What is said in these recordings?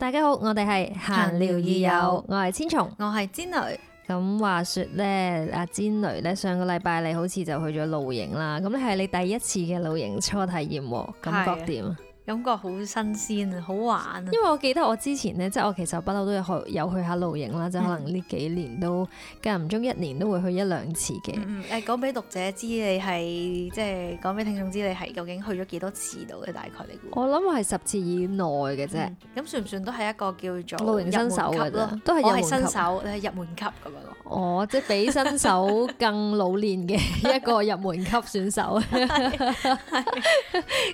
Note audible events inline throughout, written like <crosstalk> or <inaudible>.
大家好，我哋係閒聊二友，二友我係千松，我係煎蕾。咁話說咧，阿煎蕾咧，上個禮拜你好似就去咗露營啦。咁你係你第一次嘅露營初體驗喎，感覺點？嗯嗯嗯感覺好新鮮啊，好玩啊！因為我記得我之前咧，即係我其實不嬲都有去有去下露營啦，即係可能呢幾年都間唔中一年都會去一兩次嘅。嗯，誒講俾讀者知，你係即係講俾聽眾知，你係究竟去咗幾多次度嘅大概嚟講？我諗係十次以內嘅啫。咁算唔算都係一個叫做露營新手㗎咯？都係新手，你係入門級咁樣咯？哦，即係比新手更老練嘅一個入門級選手。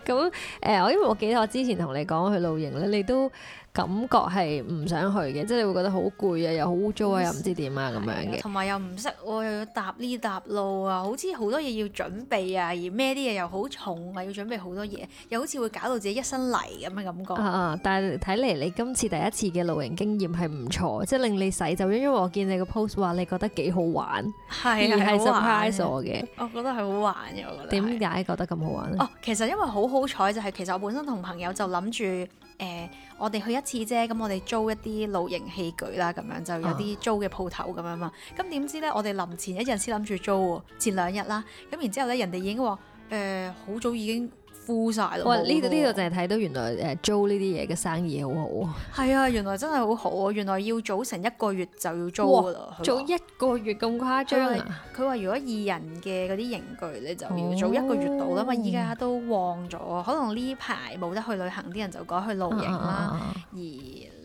咁誒，我因為我見。我之前同你講，去露營咧，你都。感覺係唔想去嘅，即係你會覺得好攰啊，又好污糟啊，又唔知點啊咁對樣嘅。同埋又唔識、哦，又要搭呢搭路啊，好似好多嘢要準備啊，而咩啲嘢又好重啊，要準備好多嘢，又好似會搞到自己一身泥咁嘅感覺。嗯嗯、但係睇嚟你今次第一次嘅露營經驗係唔錯，即係令你洗就因為我見你個 post 話你覺得幾好玩，對而係 surprise 我嘅。我覺得係好玩嘅，我覺得。點解覺得咁好玩呢？哦，其實因為好好彩就係，其實我本身同朋友就諗住。誒、呃，我哋去一次啫，咁我哋租一啲露營器具啦，咁樣就有啲租嘅鋪頭咁樣嘛。咁點、啊、知呢？我哋臨前一日先諗住租喎，前兩日啦，咁然之後呢，人哋已經話誒好、呃、早已經。呼晒，咯！哇，呢度呢度淨係睇到原來誒、呃、租呢啲嘢嘅生意好好、啊。係 <laughs> 啊，原來真係好好啊！原來要早成一個月就要租噶啦，早哇說一個月咁誇張？佢、啊、話如果二人嘅嗰啲營具你就要早一個月到啦嘛。依家、哦、都旺咗，可能呢排冇得去旅行，啲人就改去露營啦。啊啊而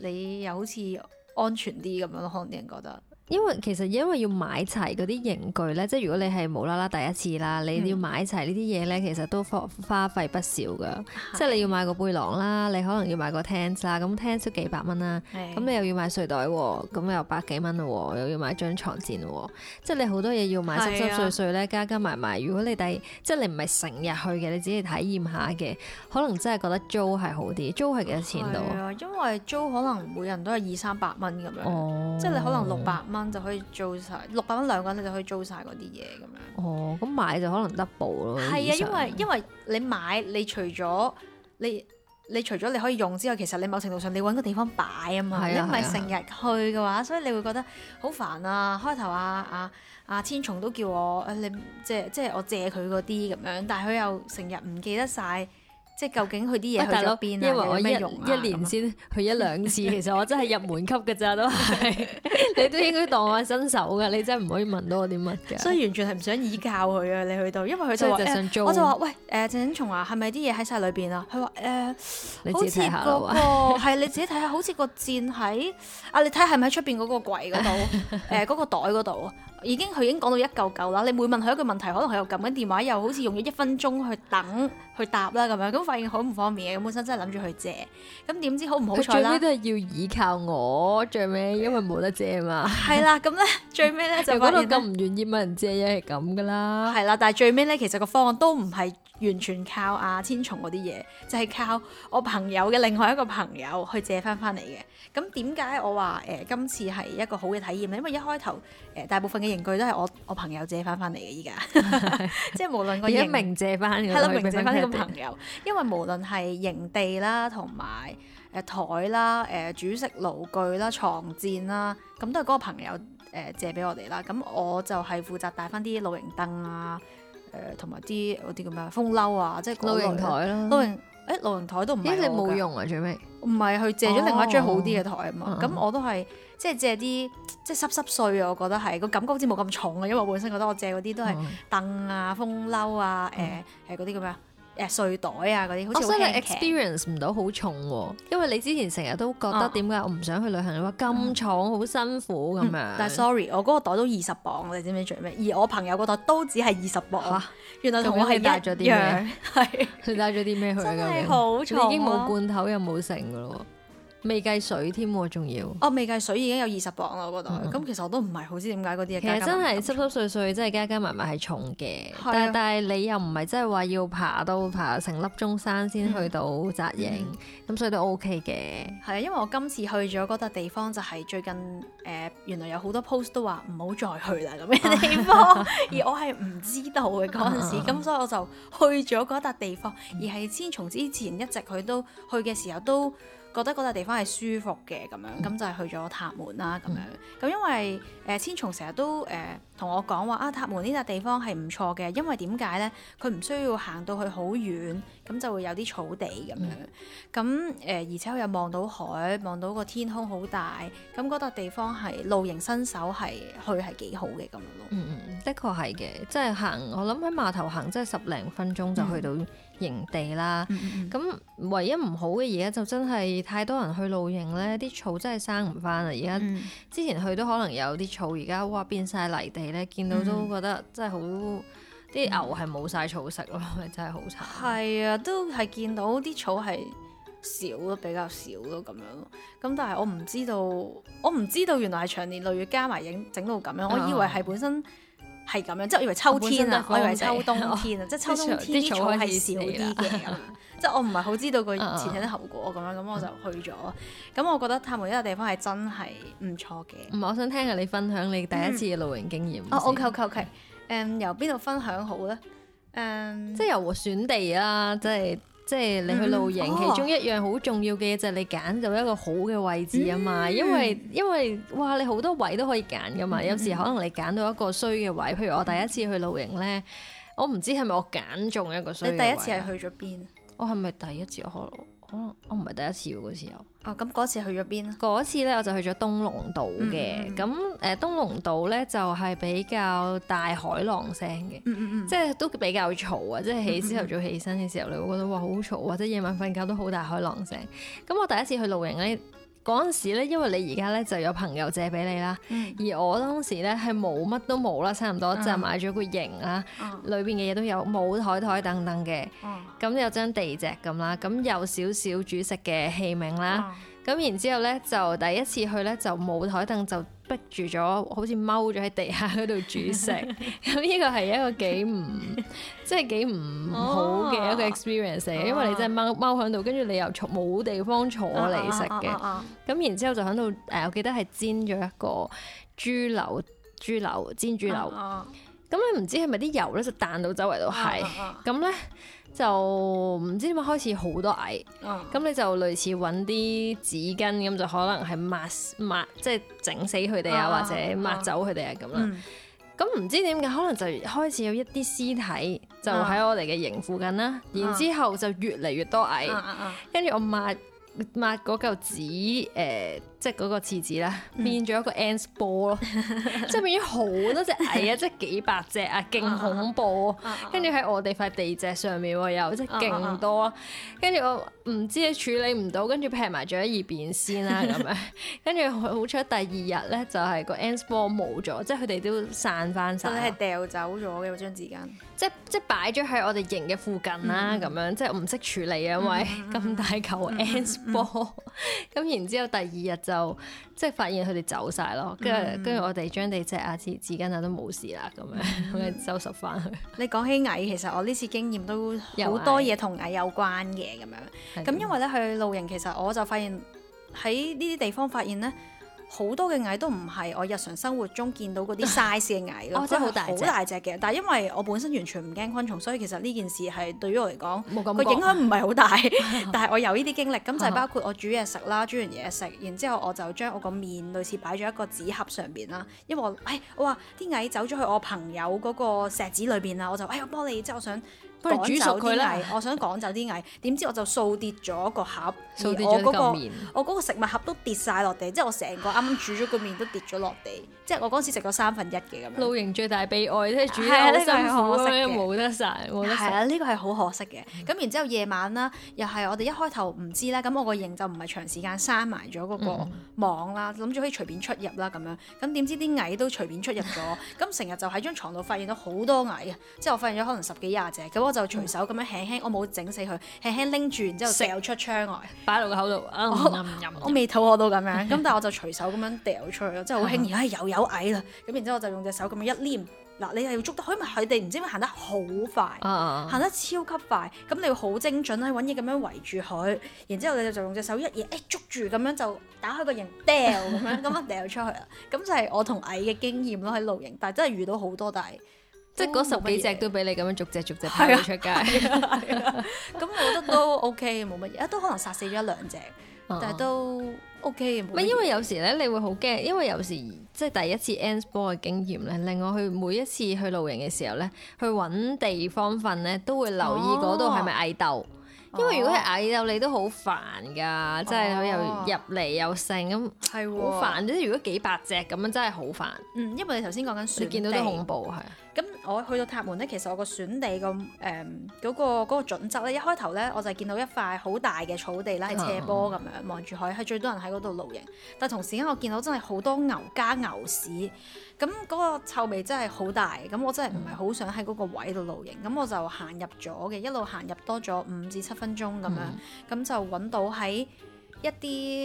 你又好似安全啲咁樣咯，可能啲人覺得。因為其實因為要買齊嗰啲營具咧，即係如果你係無啦啦第一次啦，你要買齊呢啲嘢咧，其實都花花費不少噶。嗯、即係你要買個背囊啦，你可能要買個 tent 啦，咁 tent 少幾百蚊啦。咁、嗯、你又要買睡袋，咁又百幾蚊咯，又要買張床墊，嗯、即係你好多嘢要買，濕濕碎碎咧，加加埋埋。如果你第即係你唔係成日去嘅，你只係體驗下嘅，可能真係覺得租係好啲。租係幾多錢度、嗯？因為租可能每人都係二三百蚊咁樣，哦、即係你可能六百蚊。就可以租晒六百蚊兩個人，你就可以租晒嗰啲嘢咁樣。哦，咁買就可能得部咯。係啊，因為因為你買，你除咗你，你除咗你可以用之外，其實你某程度上你揾個地方擺啊嘛。啊你唔係成日去嘅話，啊啊、所以你會覺得好煩啊。開頭啊啊啊，啊千松都叫我，啊、你即係即係我借佢嗰啲咁樣，但佢又成日唔記得晒，即係究竟佢啲嘢喺入邊因為我一用、啊、一年先去一兩次， <laughs> 其實我真係入門級嘅咋都係， <laughs> 你都應該當我係新手㗎，你真係唔可以問到我啲乜嘅。所以完全係唔想依靠佢啊！你去到，因為佢就話、欸，我就話喂，誒鄭景松話係咪啲嘢喺晒裏邊啊？佢話誒，好似個係你自己睇下，下，好似個箭喺啊！你睇下係咪喺出邊嗰個櫃嗰度？誒嗰、 <laughs> 呃嗰個袋嗰度已經佢已經講到一嚿嚿啦。你每問佢一個問題，可能佢又撳緊電話，又好似用咗一分鐘去等。去搭啦咁樣，咁發現好唔方便嘅，咁本身真係諗住去借，咁點知好唔好彩啦？最尾都係要倚靠我，最尾，因為冇得借啊嘛。係 <laughs> 啦，咁咧最尾咧 <laughs> 就發現咧，咁唔願意問人借，一係咁噶啦。係啦，但係最尾咧，其實個方案都唔係完全靠阿千松嗰啲嘢，就係、是、靠我朋友嘅另外一個朋友去借翻翻嚟嘅。咁點解我話誒、呃、今次係一個好嘅體驗咧？因為一開頭誒、呃、大部分嘅刑具都係我我朋友借翻翻嚟嘅，依家即係無論我一明借翻，係啦了，明借翻。朋友， <laughs> 因為無論係營地啦，同埋誒台啦，誒、呃、煮食爐具啦，床墊啦，咁都係嗰個朋友誒借俾我哋啦。咁我就係負責帶翻啲露營燈啊，誒同埋啲嗰啲咁樣風褸啊，即係露營台啦。露營誒露營台都唔係冇用啊，最尾唔係佢借咗另外一張好啲嘅台啊嘛。咁、哦、我都係即係借啲即係濕濕碎啊，我覺得係個感覺好似冇咁重啊，因為我本身覺得我借嗰啲都係凳啊、風褸啊、誒係嗰啲咁樣。嗯誒睡、呃、袋啊嗰啲，我、哦、所以你 experience 唔到好重喎、啊，因為你之前成日都覺得點解我唔想去旅行，你話咁重好、嗯、辛苦咁樣、嗯？但係 sorry，我嗰個袋都二十磅，你知唔知最咩？而我朋友個袋都只係二十磅啊，原來同我係帶咗啲咩？係是，你 <laughs> 帶咗啲咩去 <laughs> 真係好重、啊、 <laughs> 已經冇罐頭又冇剩嘅咯。未計水添，仲要哦！未計水已經有二十磅啦，我覺得。咁、嗯、其實我都唔係好知點解嗰啲嘢。其實真係濕濕碎碎，真係加加埋埋係重嘅的。但係你又唔係真係話要爬到爬成粒鐘山先去到紮營，咁、嗯、所以都 OK 嘅。係啊，因為我今次去咗嗰笪地方就係最近誒、呃，原來有好多 post 都話唔好再去啦咁嘅地方，啊、而我係唔知道嘅嗰陣時，咁、啊、所以我就去咗嗰笪地方，嗯、而係先從之前一直佢都去嘅時候都。覺得嗰笪地方係舒服嘅，咁、嗯、樣，咁就係、是、去咗塔門啦咁、嗯、樣。咁因為誒千松成日都誒同我講話啊，塔門呢笪地方係唔錯嘅，因為點解、呃呃啊、呢？佢唔需要行到去好遠，咁就會有啲草地咁樣。咁誒、呃、而且佢又望到海，望到個天空好大。咁嗰笪地方係露營新手係去係幾好嘅咁樣咯。嗯，的確係嘅，即係行我諗喺碼頭行，即係十零分鐘就去到。嗯營地啦，咁、嗯嗯、唯一唔好嘅嘢就真係太多人去露營呢。啲草真係生唔翻啦。而家之前去都可能有啲草，而家哇變晒泥地呢，見到都覺得真係好，啲牛係冇晒草食咯，真係好慘。係啊，都係見到啲草係少咯，比較少咯咁樣咯。咁但係我唔知道，我唔知道原來係長年累月加埋影整到咁樣，我以為係本身。哦。係咁樣，即係我以為秋天啊，我以為秋冬天啊，哦、即係秋冬天啲草係草少啲嘅咁樣，即係我唔係好知道個前因後果咁樣，咁我就去咗。咁、嗯、我覺得探梅一個地方係真係唔錯嘅。唔係、嗯，我想聽下你分享你第一次嘅露營經驗。哦、嗯 oh，OK OK OK。誒，由邊度分享好咧？誒、um, 啊，即係由選地啦，即係。即係你去露營，嗯、其中一樣好重要嘅嘢就係你揀到一個好嘅位置啊嘛，嗯因，因為因為哇，你好多位都可以揀㗎嘛，嗯、有時可能你揀到一個衰嘅位，譬如我第一次去露營呢，我唔知係咪我揀中一個衰嘅位置。你第一次係去咗邊？我係咪第一次可露？我唔係第一次喎，嗰次有。啊，咁嗰次去咗邊？嗰次呢，我就去咗東龍島嘅，咁誒、mm hmm. 呃、東龍島呢，就係、是、比較大海浪聲嘅，mm hmm. 即係都比較嘈啊！即、就、係、是、起之朝早起身嘅、mm hmm. 時候你會覺得哇好嘈，或者、啊、夜晚瞓覺都好大海浪聲。咁我第一次去露營呢。嗰陣時咧，因為你而家咧就有朋友借俾你啦，嗯、而我當時咧係冇乜都冇啦，差唔多就買咗個型啦，裏邊嘅嘢都有冇台台凳凳嘅，咁、嗯、有張地席咁啦，咁有少少煮食嘅器皿啦，咁、嗯、然之後咧就第一次去咧就冇台凳就住咗，好似踎咗喺地下嗰度煮食，咁呢 <laughs> 個係一個幾唔， <laughs> 即係幾唔好嘅一個 experience 嚟，oh. oh. 因為你真係踎踎喺度，跟住你又冇地方坐嚟食嘅，咁、oh. oh. oh. 然之後，後就喺度，誒我記得係煎咗一個豬柳，豬柳煎豬柳，咁你唔知係咪啲油咧就彈到周圍都係，咁咧、oh. oh. oh.。就唔知點解開始好多蟻，咁、uh, 你就類似揾啲紙巾，咁就可能係抹抹，即係整死佢哋啊，uh, uh, 或者抹走佢哋啊咁啦。咁唔、uh, uh, uh, um. 知點解，可能就開始有一啲屍體就喺我哋嘅營附近啦，uh, uh, uh, uh. 然之後就越嚟越多蟻，跟住、uh, uh, uh, uh. 我抹抹嗰嚿紙、呃即係嗰個廁紙啦，變咗一個 ants ball 咯，即係變咗好多隻蟻啊，即係幾百隻啊，勁恐怖啊！跟住喺我哋塊地脊上面喎，又即係勁多，跟住我唔知啊處理唔到，跟住劈埋咗喺一邊先啦咁樣，跟住好彩第二日咧就係個 ants ball 冇咗，即係佢哋都散翻曬。你係掉走咗嗰張紙巾？即係即係擺咗喺我哋營嘅附近啦，咁樣即係唔識處理啊，因為咁大嚿 ants ball，咁然之後第二日就。就即係發現佢哋走晒咯，跟住跟住我哋將地只啊紙紙巾啊都冇事啦，咁樣咁樣收拾翻去。你講起蟻，其實我呢次經驗都好多嘢同蟻有關嘅咁樣。咁的因為咧去露營，其實我就發現喺呢啲地方發現咧。好多嘅蟻都唔係我日常生活中見到嗰啲 size 嘅蟻咯、哦，即係好大隻嘅。但係因為我本身完全唔驚昆蟲，所以其實呢件事係對於我嚟講，佢影響唔係好大。哦、但係我有呢啲經歷，咁就包括我煮嘢食啦，煮完嘢食，然之後我就將我個麵類似擺咗一個紙盒上邊啦。因為我，哎，我話啲蟻走咗去我朋友嗰個錫紙裏邊啦，我就，哎呀，我幫你，之後我想。不煮熟佢啦。我想趕走啲蟻，點知我就掃跌咗個盒，掃跌咗個麵，我嗰個食物盒都跌晒落地，即係我成個啱煮咗個面都跌咗落地，即係我嗰時食咗三分一嘅。露營最大悲哀，即係煮得好辛苦，冇得曬，冇得曬。係啊，呢個係好可惜嘅。咁然之後夜晚啦，又係我哋一開頭唔知咧，咁我個營就唔係長時間閂埋咗嗰個網啦，諗住可以隨便出入啦咁樣。咁點知啲蟻都隨便出入咗，咁成日就喺張床度發現到好多蟻啊！即係我發現咗可能十幾廿隻就隨手咁樣輕輕，我冇整死佢，輕輕拎住，然之後掉出窗外，擺喺路口度。我我未肚餓到咁樣。咁但係我就隨手咁樣掉出去咯，真係好輕易。唉，又有蟻啦。咁然之後我就用隻手咁樣一捏，嗱，你又要捉得，佢為佢哋唔知點行得好快，行得超級快。咁你要好精準啦，揾嘢咁樣圍住佢。然之後你就用隻手一嘢，誒捉住咁樣就打開個形掉咁樣，咁啊掉出去啦。咁就係我同蟻嘅經驗咯，喺露營。但係真係遇到好多，但係。即係嗰十幾隻都俾你咁樣逐隻逐隻拍出街，咁我覺得都 OK，冇乜嘢，都可能殺死咗兩隻，但係都 OK。唔係因為有時咧，你會好驚，因為有時即係第一次 ants ball 嘅經驗咧，令我去每一次去露營嘅時候咧，去揾地方瞓咧，都會留意嗰度係咪蟻竇，因為如果係蟻竇，你都好煩噶，即係佢又入嚟又盛咁，係喎，好煩。即如果幾百隻咁樣，真係好煩。嗯，因為你頭先講緊，你見到都恐怖係。咁我去到塔門咧，其實我個選地、嗯，那個誒嗰個嗰個準則咧，一開頭咧我就見到一塊好大嘅草地啦，係斜坡咁樣望住海，係最多人喺嗰度露營。但同時間我見到真係好多牛加牛屎，咁、那、嗰個臭味真係好大，咁我真係唔係好想喺嗰個位度露營。咁、嗯、我就行入咗嘅，一路行入多咗五至七分鐘咁樣，咁、嗯、就揾到喺一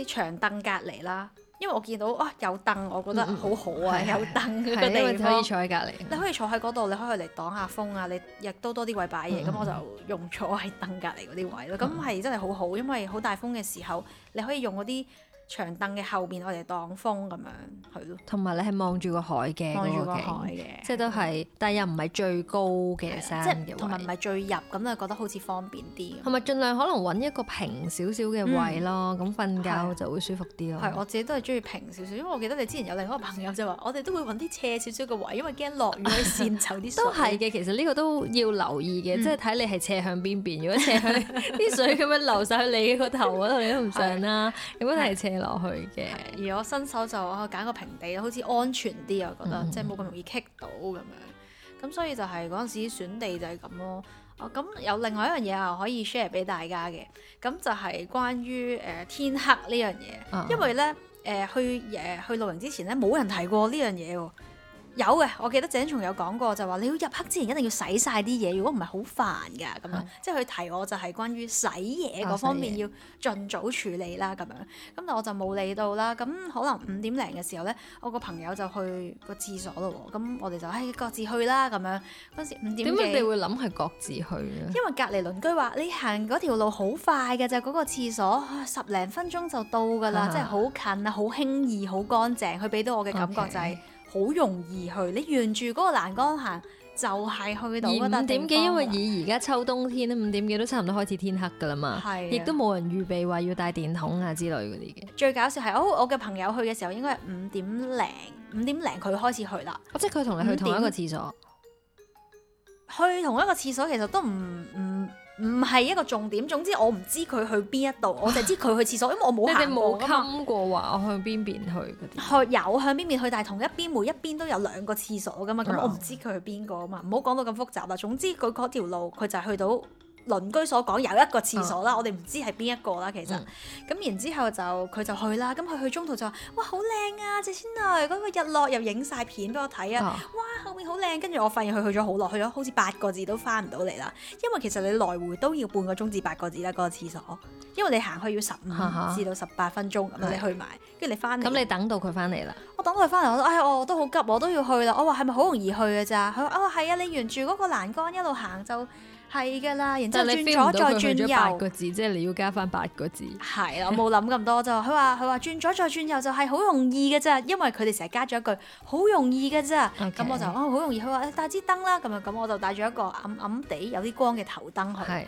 啲長凳隔離啦。因為我見到哇、啊、有凳，我覺得好好啊，嗯、有凳嗰啲地方你可以坐喺隔離，你可以坐喺嗰度，你可以嚟擋下風啊！你亦都多啲位擺嘢，咁、嗯、我就用坐喺凳隔離嗰啲位咯。咁係、嗯、真係好好，因為好大風嘅時候，你可以用嗰啲。長凳嘅後邊，我哋當風咁樣，係咯。同埋你係望住個海嘅，望住個海嘅，即係都係，但又唔係最高嘅山，即係，同埋唔係最入，咁就覺得好似方便啲。同埋盡量可能揾一個平少少嘅位咯，咁瞓覺就會舒服啲咯。係，我自己都係中意平少少，因為我記得你之前有另一個朋友就話，我哋都會揾啲斜少少嘅位，因為驚落雨會滲走啲水。都係嘅，其實呢個都要留意嘅，即係睇你係斜向邊邊。如果斜向啲水咁樣流晒去你個頭嗰度，你都唔想啦。咁樣係斜。落去嘅，而我新手就啊揀個平地，好似安全啲，我覺得、嗯、即係冇咁容易棘到咁樣。咁所以就係嗰陣時選地就係咁咯。啊、哦，咁有另外一樣嘢、呃、啊，可以 share 俾大家嘅，咁就係關於誒天黑呢樣嘢，因為咧誒、呃、去誒、呃、去露營之前咧冇人提過呢樣嘢喎。有嘅，我記得鄭松有講過就話，你要入黑之前一定要洗晒啲嘢，如果唔係好煩噶咁樣，啊、即係佢提我就係關於洗嘢嗰、啊、方面要儘早處理啦咁樣。咁但我就冇理到啦。咁可能五點零嘅時候呢，我個朋友就去個廁所咯喎。咁我哋就、哎、各自去啦咁樣。嗰時五點零。點解你會諗係各自去咧？因為隔離鄰居話，你行嗰條路好快嘅就嗰個廁所，十零分鐘就到噶啦，即係好近啊，好輕易，好乾淨。佢俾到我嘅感覺就係、是。Okay. 好容易去，你沿住嗰個欄杆行就係、是、去到。五點幾，因為以而家秋冬天，五點幾都差唔多開始天黑噶啦嘛，亦是、啊、都冇人預備話要帶電筒啊之類嗰啲嘅。最搞笑係我我嘅朋友去嘅時候，應該係五點零，五點零佢開始去啦。我、哦、即係佢同你去同一個廁所，去同一個廁所其實都唔唔。唔係一個重點，總之我唔知佢去邊一度，我就知佢去廁所， <laughs> 因為我冇冚過,過話麼我向邊邊去嗰啲。有向邊邊去，但係同一邊每一邊都有兩個廁所噶嘛，咁我唔知佢去邊個啊嘛，唔好講到咁複雜啦。總之佢嗰條路佢就係去到。鄰居所講有一個廁所啦，哦、我哋唔知係邊一個啦。其實咁、嗯、然之後就佢就去啦。咁佢去中途就話：哇，好靚啊！謝千奈嗰個日落又影晒片俾我睇啊！哦、哇，後面好靚。跟住我發現佢去咗好耐，去咗好似八個字都翻唔到嚟啦。因為其實你來回都要半個鐘至八個字啦嗰、嗰個廁所，因為你行去要十五、嗯嗯、至到十八分鐘咁。啊、你去埋，跟住你翻。咁、嗯、你等到佢翻嚟啦？我等佢翻嚟，我話：哎我、哦、都好急，我都要去啦！我話：係咪好容易去嘅咋？佢話：哦，係、哦哦哦哦哦哦哦、啊，你沿住嗰個欄杆一路行就。係噶啦，然之後轉左再轉右，個字即係你要加翻八個字。係啦，我冇諗咁多就佢話佢話轉左再轉右就係好容易嘅啫，因為佢哋成日加咗一句好容易嘅啫。咁 Okay. 我就哦好容易。佢話帶支燈啦，咁啊咁，我就帶咗一個暗暗地有啲光嘅頭燈去。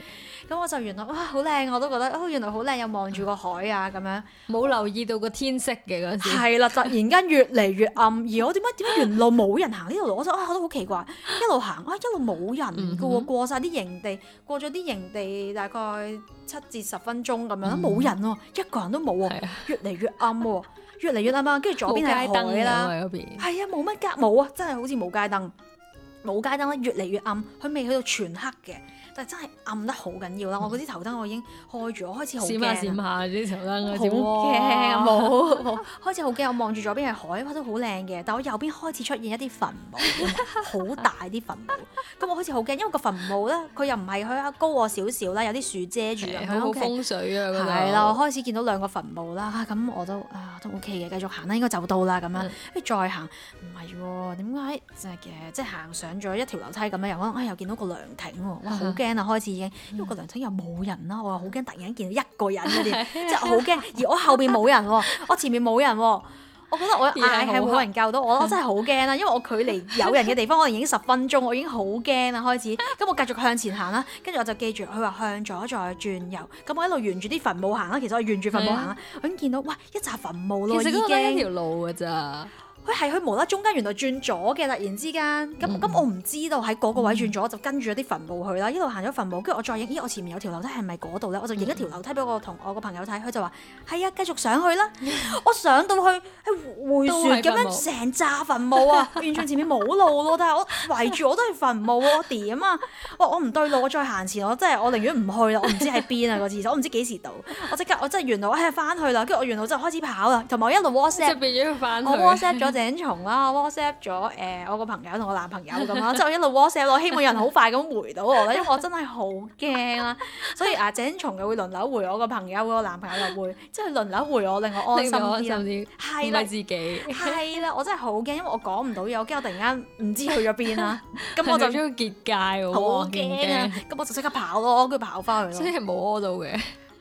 咁我就原來哇好靚，我都覺得哦原來好靚，又望住個海啊咁樣，冇留意到個天色嘅嗰陣時。係啦，突然間越嚟越暗，而我點解點解原路冇人行呢度？我就啊，我都好奇怪，一路行啊一路冇人嘅喎，嗯、哼過曬啲營地，過咗啲營地大概七至十分鐘咁樣，冇人喎、啊，一個人都冇喎、啊，嗯、越嚟越暗喎，越嚟越暗啊！跟住、 <laughs> 啊、左邊係海啦，係啊，冇乜格冇啊，真係好似冇街燈。冇街燈咧，越嚟越暗，佢未去到全黑嘅，但真係暗得好緊要啦！我嗰啲頭燈我已經開住，我開始好驚。閃下閃下啲頭燈，我好驚冇冇，開始好驚！我望住左邊係海，哇都好靚嘅，但我右邊開始出現一啲墳墓，好 <laughs> 大啲墳墓。咁 <laughs> 我開始好驚，因為個墳墓咧，佢又唔係佢高我少少啦，有啲樹遮住。好、欸、風水啊！係啦是，裡我開始見到兩個墳墓啦，咁、啊、我都啊都 OK 嘅，繼續行啦，應該就到啦咁樣。誒、嗯、再行唔係，點解即係誒即係行上。上咗一條樓梯咁樣，又可能，哎，又見到個涼亭喎，哇，好驚啊！開始已經，因為個涼亭又冇人啦，我話好驚，突然間見到一個人嗰啲， <laughs> 即係好驚。而我後邊冇人喎，我前面冇人喎，我覺得我嗌係冇人救到我，我真係好驚啦！因為我距離有人嘅地方， <laughs> 可能已經十分鐘，我已經好驚啦，開始。咁我繼續向前行啦，跟住我就記住佢話向左再轉右，咁我一路沿住啲墳墓行啦。其實我沿住墳墓行啦， <laughs> 我已經見到，哇，一紮墳墓咯，已經一條路噶咋～佢係佢無啦，中間原來轉咗嘅，突然之間，突然間，咁咁我唔知道喺嗰個位轉咗，我就跟住啲墳墓去啦，一路行咗墳墓，跟住我再影，咦，我前面有條樓梯係咪嗰度咧？我就影一條樓梯俾我同我個朋友睇，佢就話：係啊，繼續上去啦！ <laughs> 我上到去，係迴旋咁樣成紮墳墓，墓啊，完全前面冇路咯，但係我圍住我都係墳墓 <laughs> 我啊，點啊？哇！我唔對路，我再行前，我真係我寧願唔去啦，我唔知喺邊啊個廁所，我唔知幾時到，我即刻我真係原來我係翻去啦，跟住我原來就開始跑啦，同埋我一路 WhatsApp，我 WhatsApp 咗。了 <laughs> 井松啦，whatsapp 咗誒我個朋友同我男朋友咁啦，就一路 whatsapp 咯，希望有人好快咁回到我啦，因為我真係好驚啦，所以啊，井松又會輪流回我個朋友，回我男朋友又會，即係輪流回我，令我安心啲啦。係啦，自己係啦，我真係好驚，因為我講唔到嘢，我驚我突然間唔知去咗邊啦，咁我就將佢結界喎，好驚！咁我就即刻跑咯，跟住跑翻去咯。所以冇屙到嘅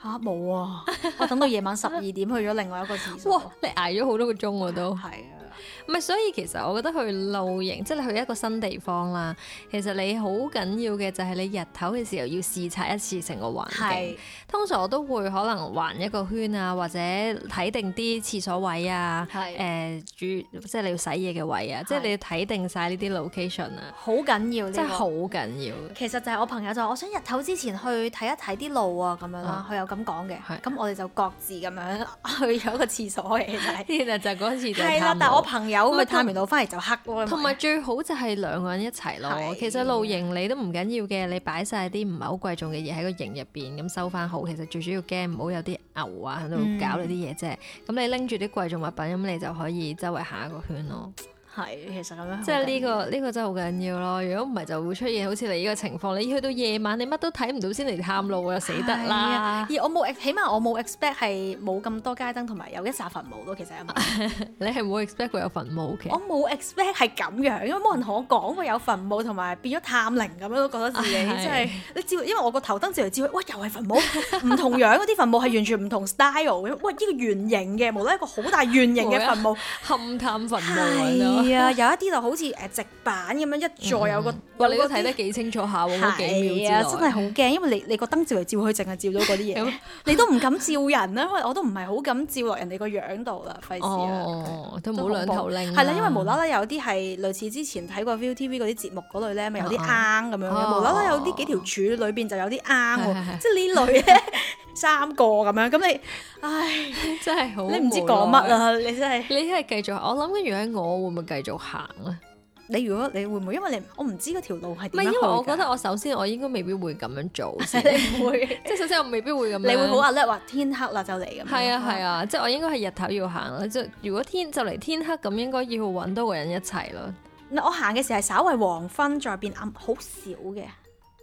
吓，冇啊！我等到夜晚十二點去咗另外一個廁所！你挨咗好多個鐘喎都係。唔係，所以其實我覺得去露營即係去一個新地方啦。其實你好緊要嘅就係你日頭嘅時候要視察一次成個環境。通常我都會可能環一個圈啊，或者睇定啲廁所位啊，係誒主即係你要洗嘢嘅位啊，即係你要睇定晒呢啲 location 啊，好緊要，真係好緊要。其實就係我朋友就話，我想日頭之前去睇一睇啲路啊，咁樣啦，佢有咁講嘅。咁我哋就各自咁樣去咗個廁所嘅睇，原來就嗰次就係啦。但係我朋友。咁咪探唔到，翻嚟，就黑咯。同埋有最好就係兩個人一齊咯。的其實露營你都唔緊要嘅，你擺晒啲唔係好貴重嘅嘢喺個營入邊，咁收翻好。其實最主要驚唔好有啲牛啊喺度搞你啲嘢啫。咁、嗯、你拎住啲貴重物品，咁你就可以周圍行一個圈咯。係，其實咁樣，即係呢個呢個真係好緊要咯。如果唔係，就會出現好似你呢個情況。你去到夜晚，你乜都睇唔到先嚟探路啊，死得啦！而我冇，起碼我冇 expect 係冇咁多街燈同埋有，有一紮墳墓咯。其實 <laughs> 你係冇 expect 會有墳墓嘅？我冇 expect 係咁樣，因為冇人同我講過有墳墓同埋變咗探靈咁樣，都覺得自己、啊、即係你照，因為我個頭燈照嚟照去，喂，又係墳墓，唔 <laughs> 同樣嘅啲墳墓係完全唔同 style 喂，呢個圓形嘅，無啦啦一個好大圓形嘅墳墓，勘探墳墓。啊，有一啲就好似誒直板咁樣一再有個，哇！你都睇得幾清楚下喎，幾秒之內，真係好驚，因為你你個燈照嚟照去淨係照到嗰啲嘢，你都唔敢照人啦，因為我都唔係好敢照落人哋個樣度啦，費事。哦哦，都冇兩頭令。係啦，因為無啦啦有啲係類似之前睇過 ViuTV 嗰啲節目嗰類咧，咪有啲啱咁樣嘅，無啦啦有啲幾條柱裏邊就有啲啱喎，即係呢類咧。三個咁樣，咁你，唉，真係好，你唔知講乜啦，你真係，你真係繼續。我諗緊如果我會唔會繼續行啊？你如果你會唔會，因為你我唔知嗰條路係點，唔係因為我覺得我首先我應該未必會咁樣做，即係你唔會，即係首先我未必會咁樣，你會好阿叻話天黑啦就嚟咁，係啊係啊，啊啊啊即係我應該係日頭要行咯，即係如果天就嚟天黑咁，應該要搵多個人一齊咯。嗱，我行嘅時候係稍微黃昏再變暗，好少嘅。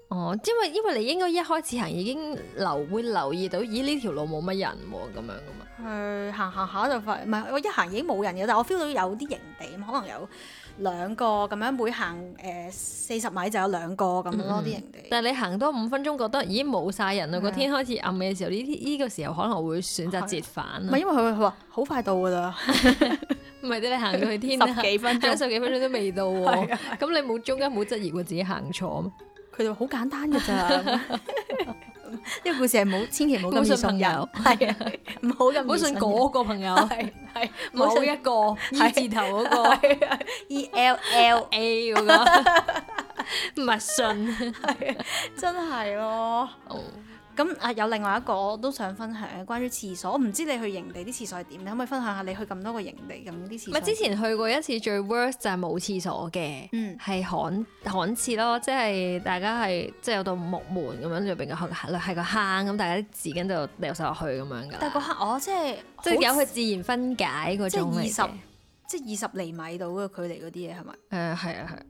哦，因為因為你應該一開始行已經留會留意到，咦呢條路冇乜人喎、啊，咁樣噶嘛？去行行下就發唔係我一行已經冇人嘅，但係我 feel 到有啲營地，可能有兩個咁樣，每行誒四十米就有兩個咁樣咯啲營地。但係你行多五分鐘，覺得已經冇晒人啦，個的天開始暗嘅時候，呢啲呢個時候可能會選擇折返。唔係因為佢佢話好快到噶啦，唔係 <laughs> 你行到去天 <laughs> 十幾分鐘，十幾分鐘都未到、啊，咁 <laughs> 的你冇中間冇質疑過自己行錯佢哋好簡單㗎咋， <laughs> 因為故事係冇千祈唔好咁易信朋友，係啊的，唔好咁易信嗰個朋友，係係某一個 E <laughs> 的字頭嗰、那個 E L L A 嗰唔係信，係啊，真係咯。 <laughs> 咁啊，有另外一個我都想分享，關於廁所，唔知你去營地啲廁所係點？你可唔可以分享下你去咁多個營地咁啲廁所？咪之前去過一次最 worst 就係冇廁所嘅，嗯，係旱旱廁咯，即係大家係即係有道木門咁樣入邊個係係個坑，咁大家啲紙巾就掉晒落去咁樣噶。但係個坑哦，即係即係有去自然分解嗰種即係二十即係二十釐米到嘅距離嗰啲嘢係咪？誒係啊係。呃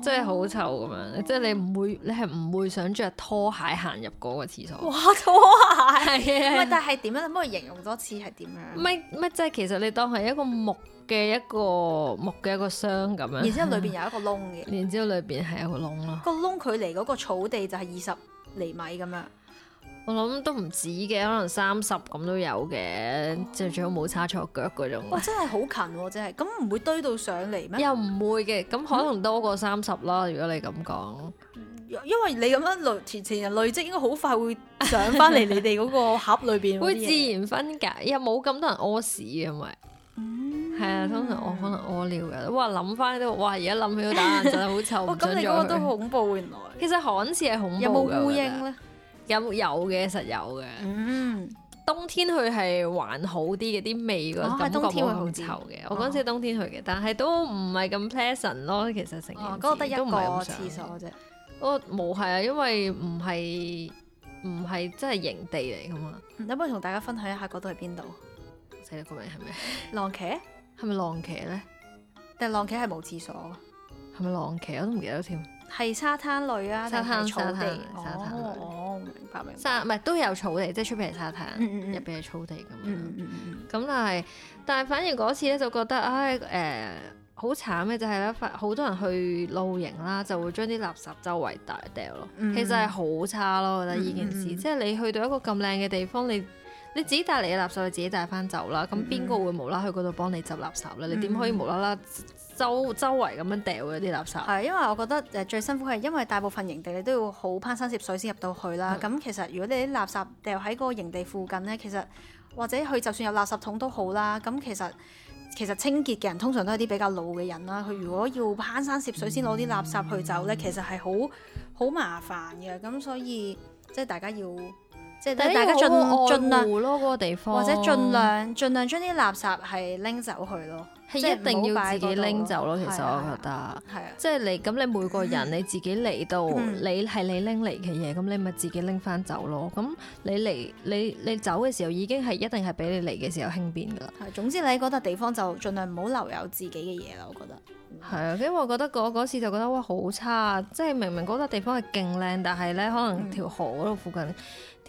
即係好臭咁樣，oh. 即係你唔會，你係唔會想着拖鞋行入嗰個廁所。哇，拖鞋！喂， <laughs> <laughs> 但係點樣？可唔可以形容多次係點樣？唔係唔係即係其實你當係一個木嘅一個木嘅一個箱咁樣。然之後裏邊有一個窿嘅。 <laughs> 然之後裏邊係一個窿咯。個窿距離嗰個草地就係二十厘米咁樣。我諗都唔止嘅，可能三十咁都有嘅，即係、oh. 最好冇叉錯腳嗰種。哇，真係好近喎、啊！真係，咁唔會堆到上嚟咩？又唔會嘅，咁可能多過三十啦。嗯、如果你咁講，因為你咁樣累前前日累積，應該好快會上翻嚟你哋嗰個盒裏邊。 <laughs> 會自然分解，又冇咁多人屙屎嘅咪？係、嗯嗯、啊，通常我可能屙尿嘅。哇，諗翻都哇，而家諗起都打眼真係好臭。哇，咁、 <laughs> 嗯、你嗰個都恐怖原來。其實看似係恐怖來有冇烏蠅咧？ 啊有有嘅，實有嘅。嗯，冬天去係還好啲嘅，啲味個感覺冇咁臭嘅。哦、我嗰次冬天去嘅，但係都唔係咁 pleasant 咯。其實成日哦，嗰個得一個廁所啫。我冇係啊，因為唔係唔係真係營地嚟噶嘛。可唔可以同大家分享一下嗰度係邊度？死你個名係咩？浪茄係咪浪茄咧？但係浪茄係冇廁所，係咪浪茄？我都唔記得添。係沙灘類啊，沙灘草地，沙灘類。哦，明白明白。沙唔係都有草地，即係出邊係沙灘，入邊係草地咁、嗯、樣。嗯咁但係，但係反而嗰次咧就覺得，唉誒，好、呃、慘嘅就係、是、咧，好多人去露營啦，就會將啲垃圾周圍掉掉咯。嗯、其實係好差咯，我覺得呢件事。嗯嗯、即係你去到一個咁靚嘅地方，你。你自己帶嚟嘅垃圾，你自己帶翻走啦。咁邊個會無啦去嗰度幫你執垃圾咧？嗯、你點可以無啦啦周周圍咁樣掉嗰啲垃圾？係因為我覺得誒最辛苦係因為大部分營地你都要好攀山涉水先入到去啦。咁、嗯、其實如果你啲垃圾掉喺嗰個營地附近呢，其實或者佢就算有垃圾桶都好啦。咁其實其實清潔嘅人通常都係啲比較老嘅人啦。佢如果要攀山涉水先攞啲垃圾去走呢，嗯嗯、其實係好好麻煩嘅。咁所以即係大家要。大家盡盡量咯，嗰個地方，或者盡量盡量將啲垃圾係拎走去咯，係一定要自己拎走咯。其實、啊、我覺得係啊，即係你咁，你每個人你自己嚟到， <laughs> 你係你拎嚟嘅嘢，咁你咪自己拎翻走咯。咁你嚟你你走嘅時候已經係一定係畀你嚟嘅時候輕便㗎喇。係，總之你喺嗰笪地方就盡量唔好留有自己嘅嘢啦。我覺得係啊，因為我覺得嗰次就覺得哇好差，即係明明嗰笪地方係勁靚，但係咧可能條河嗰度附近、嗯。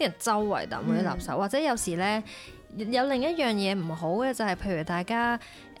啲人周圍抌嗰啲垃圾，嗯、或者有時呢，有另一樣嘢唔好嘅就係、是、譬如大家。誒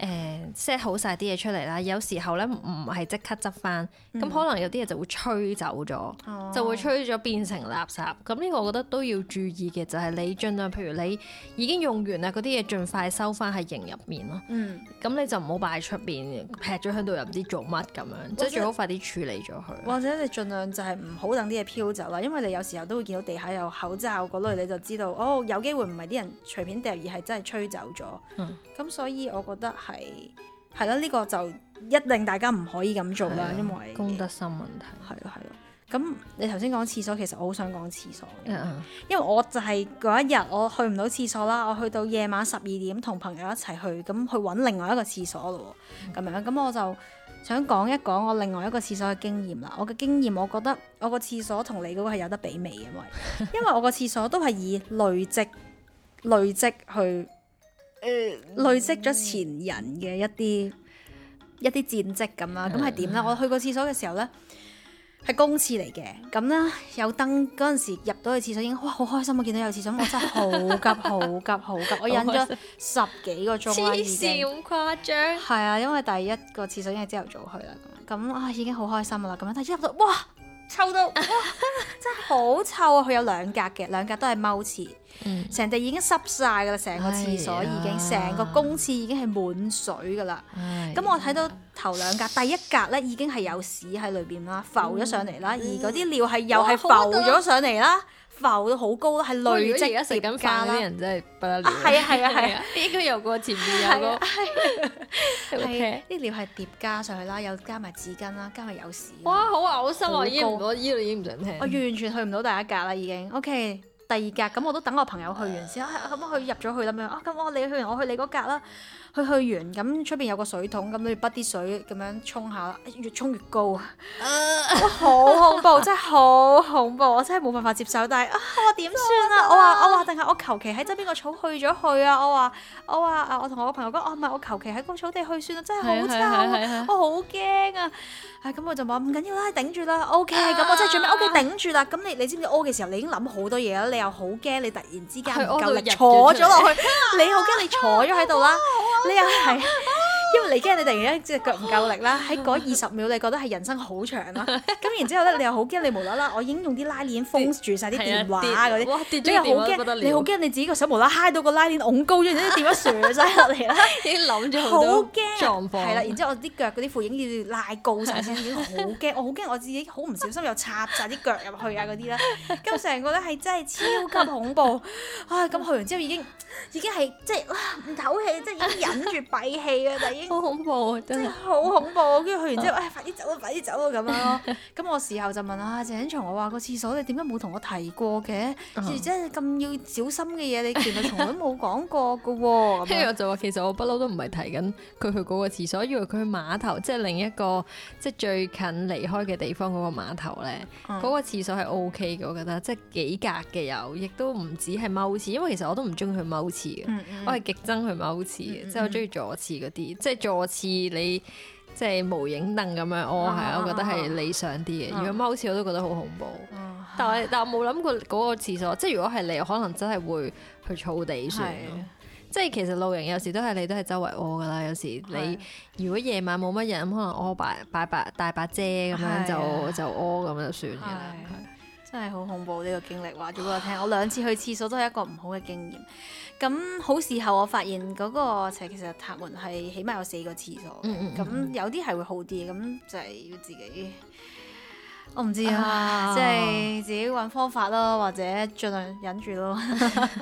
set、呃、好晒啲嘢出嚟啦，有時候咧唔係即刻執翻，咁、嗯、可能有啲嘢就會吹走咗，哦、就會吹咗變成垃圾。咁呢、嗯、個我覺得都要注意嘅，就係、是、你儘量，譬如你已經用完啦嗰啲嘢，盡快收翻喺營入面咯。嗯，咁你就唔好擺出邊，劈咗喺度又唔知做乜咁樣，即係者最好快啲處理咗佢。或者你儘量就係唔好等啲嘢飄走啦，因為你有時候都會見到地下有口罩嗰類，你就知道，哦有機會唔係啲人隨便掉，而係真係吹走咗。嗯，咁所以我覺得。係係咯，呢、這個就一定大家唔可以咁做啦，的因為公德心問題。係咯係咯，咁你頭先講廁所，其實我好想講廁所嘅，uh huh. 因為我就係嗰一日我去唔到廁所啦，我去到夜晚十二點，同朋友一齊去，咁去搵另外一個廁所咯，咁、uh huh. 樣咁我就想講一講我另外一個廁所嘅經驗啦。我嘅經驗，我覺得我個廁所同你嗰個係有得比味嘅，因為 <laughs> 因為我個廁所都係以累積累積去。誒、呃，累積咗前人嘅一啲、嗯、一啲戰績咁啦，咁係點呢？我去過廁所嘅時候呢，係公廁嚟嘅，咁啦有燈嗰陣時入到去廁所已經哇好開心啊！見到有廁所，我真係好急 <laughs> 好急好急，我忍咗十幾個鐘啦，已經、黐線，咁誇張，係啊！因為第一個廁所已經係朝頭早去啦，咁咁啊已經好開心啦，咁樣但一入到哇！臭到，真係好臭啊！佢有兩格嘅，兩格都係踎廁，成、嗯、地已經濕晒噶啦，成個廁所已經，成、哎、呀個公廁已經係滿水噶啦。咁、哎、呀我睇到頭兩格，第一格呢已經係有屎喺裏邊啦，浮咗上嚟啦，嗯、而嗰啲尿係又係浮咗上嚟啦。浮得好高啦，係累積疊加啦。係啊係啊係啊，應該又過前面有囉。O K，啲料係疊加上去啦，又加埋紙巾啦，加埋有屎。哇！好嘔心啊，依啲唔好，依度已經唔想聽。我完全去唔到第一格啦，已經。O K。第二格咁我都等我朋友去完先啊，咁佢入咗去啦咁，咁我、哦嗯、你去完我去你嗰格啦。佢去，去完咁出邊有個水桶咁，都要潑啲水咁樣沖下，越沖越，越高啊！好、uh, <laughs> 恐怖，真係好恐怖，我真係冇辦法接受。但係啊，我點算啊？我話我話，定係我求其喺側邊個草去咗去啊！我話我話我同我朋友講，我唔係我求其喺個草地去算啦，真係好差，我好驚啊！係 <laughs> 咁我就話唔緊要啦，頂住啦，OK。咁 <laughs> 我真係最尾屋企頂住啦。咁你你知唔知屙嘅時候你已經諗好多嘢啦？又好驚你突然之間唔夠力坐咗落去， <laughs> 你好驚你坐咗喺度啦， <laughs> 你又係。因為你驚你突然間隻腳唔夠力啦，喺嗰二十秒你覺得係人生好長啦。咁然之後咧，你又好驚你無啦啦，我已經用啲拉鏈封住晒啲電話嗰啲。你又好驚，你好驚你自己個手無啦嗨到個拉鏈拱高咗，然後啲電話掉晒落嚟啦。已經諗住好多狀況。係啦，然之後我啲腳嗰啲褲影要拉高晒先，已經好驚。我好驚我自己好唔小心又插晒啲腳入去啊嗰啲啦。咁成個咧係真係超級恐怖。啊！咁去完之後已經已經係即係唔唞氣，即係已經忍住閉氣啊！好、嗯、 <noise> 恐怖，真係好恐怖。跟住去完之後，誒、 <laughs> 哎，快啲走，快走啊，快啲走啊咁樣。咁我事後就問啊鄭欣松：姐姐「我話個廁所你點解冇同我提過嘅？即係咁要小心嘅嘢，你其實從來冇講過嘅喎。跟住、 <laughs> 嗯、我就話其實我不嬲都唔係提緊佢去嗰個廁所，以為佢去碼頭，即係另一個即係最近離開嘅地方嗰、嗰個碼頭咧。嗰、嗯、個廁所係 OK 嘅，我覺得即係幾格嘅有，亦都唔止係踎廁。因為其實我都唔中意去踎廁嘅，我係極憎去踎廁嘅，即係我中意坐廁嗰啲，即係坐廁你，即係無影凳咁樣屙，係我覺得係理想啲嘅。如果踎廁我都覺得好恐怖。但係但係冇諗過嗰個廁所，即係如果係你，可能真係會去草地算。即係是的 其實露營有時都係你都係周圍屙噶啦。有時你如果夜晚冇乜人，可能屙白擺白大把遮咁樣是的 就就屙咁就，就算嘅啦。真係好恐怖呢，這個經歷話咗俾我聽，我兩次去廁所都係一個唔好嘅經驗。咁好時候，我發現嗰，那個其實塔門係起碼有四個廁所，咁、嗯、有啲係會好啲嘅，咁就係要自己，我唔知啊，即係、啊就是、自己揾方法咯，或者盡量忍住咯，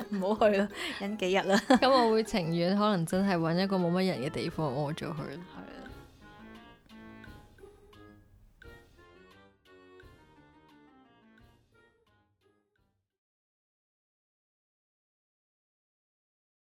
唔好 <laughs> <laughs> 去咯，忍幾日啦。咁 <laughs> 我會情願可能真係揾一個冇乜人嘅地方屙咗去。